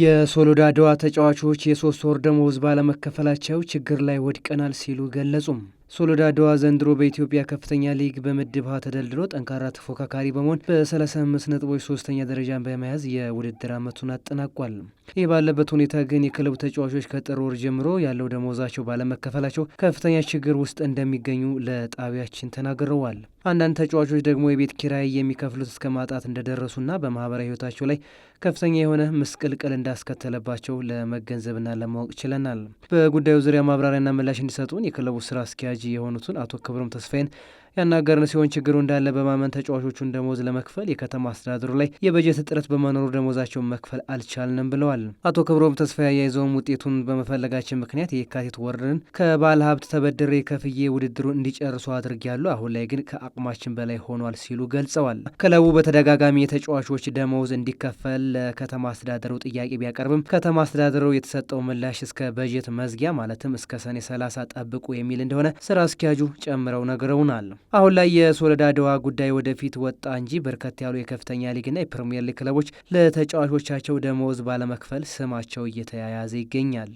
የሶሎዳ አድዋ ተጫዋቾች የሶስት ወር ደመወዝ ባለመከፈላቸው ችግር ላይ ወድቀናል ሲሉ ገለጹም። ሶሎዳ ዘንድሮ በኢትዮጵያ ከፍተኛ ሊግ በምድብ ሀ ተደልድሎ ጠንካራ ተፎካካሪ በመሆን በ35 ነጥቦች ሶስተኛ ደረጃን በመያዝ የውድድር አመቱን አጠናቋል። ይህ ባለበት ሁኔታ ግን የክለቡ ተጫዋቾች ከጥር ወር ጀምሮ ያለው ደሞዛቸው ባለመከፈላቸው ከፍተኛ ችግር ውስጥ እንደሚገኙ ለጣቢያችን ተናግረዋል። አንዳንድ ተጫዋቾች ደግሞ የቤት ኪራይ የሚከፍሉት እስከ ማጣት እንደደረሱና በማህበራዊ ህይወታቸው ላይ ከፍተኛ የሆነ ምስቅልቅል እንዳስከተለባቸው ለመገንዘብና ለማወቅ ችለናል። በጉዳዩ ዙሪያ ማብራሪያና ምላሽ እንዲሰጡን የክለቡ ስራ አስኪያጅ ተረጂ የሆኑትን አቶ ክብሮም ተስፋዬን ያናገርን ሲሆን ችግሩ እንዳለ በማመን ተጫዋቾቹን ደሞዝ ለመክፈል የከተማ አስተዳደሩ ላይ የበጀት እጥረት በመኖሩ ደሞዛቸውን መክፈል አልቻልንም ብለዋል። አቶ ክብሮም ተስፋ ያያይዘውም ውጤቱን በመፈለጋችን ምክንያት የካቲት ወርን ከባለ ሀብት ተበድሬ ከፍዬ ውድድሩ እንዲጨርሱ አድርጊያሉ። አሁን ላይ ግን ከአቅማችን በላይ ሆኗል ሲሉ ገልጸዋል። ክለቡ በተደጋጋሚ የተጫዋቾች ደሞዝ እንዲከፈል ለከተማ አስተዳደሩ ጥያቄ ቢያቀርብም ከተማ አስተዳደሩ የተሰጠው ምላሽ እስከ በጀት መዝጊያ ማለትም እስከ ሰኔ ሰላሳ ጠብቁ የሚል እንደሆነ ስራ አስኪያጁ ጨምረው ነግረውናል። አሁን ላይ የሶለዳ ደዋ ጉዳይ ወደፊት ወጣ እንጂ በርከት ያሉ የከፍተኛ ሊግና የፕሪምየር ሊግ ክለቦች ለተጫዋቾቻቸው ደመወዝ ባለመክፈል ስማቸው እየተያያዘ ይገኛል።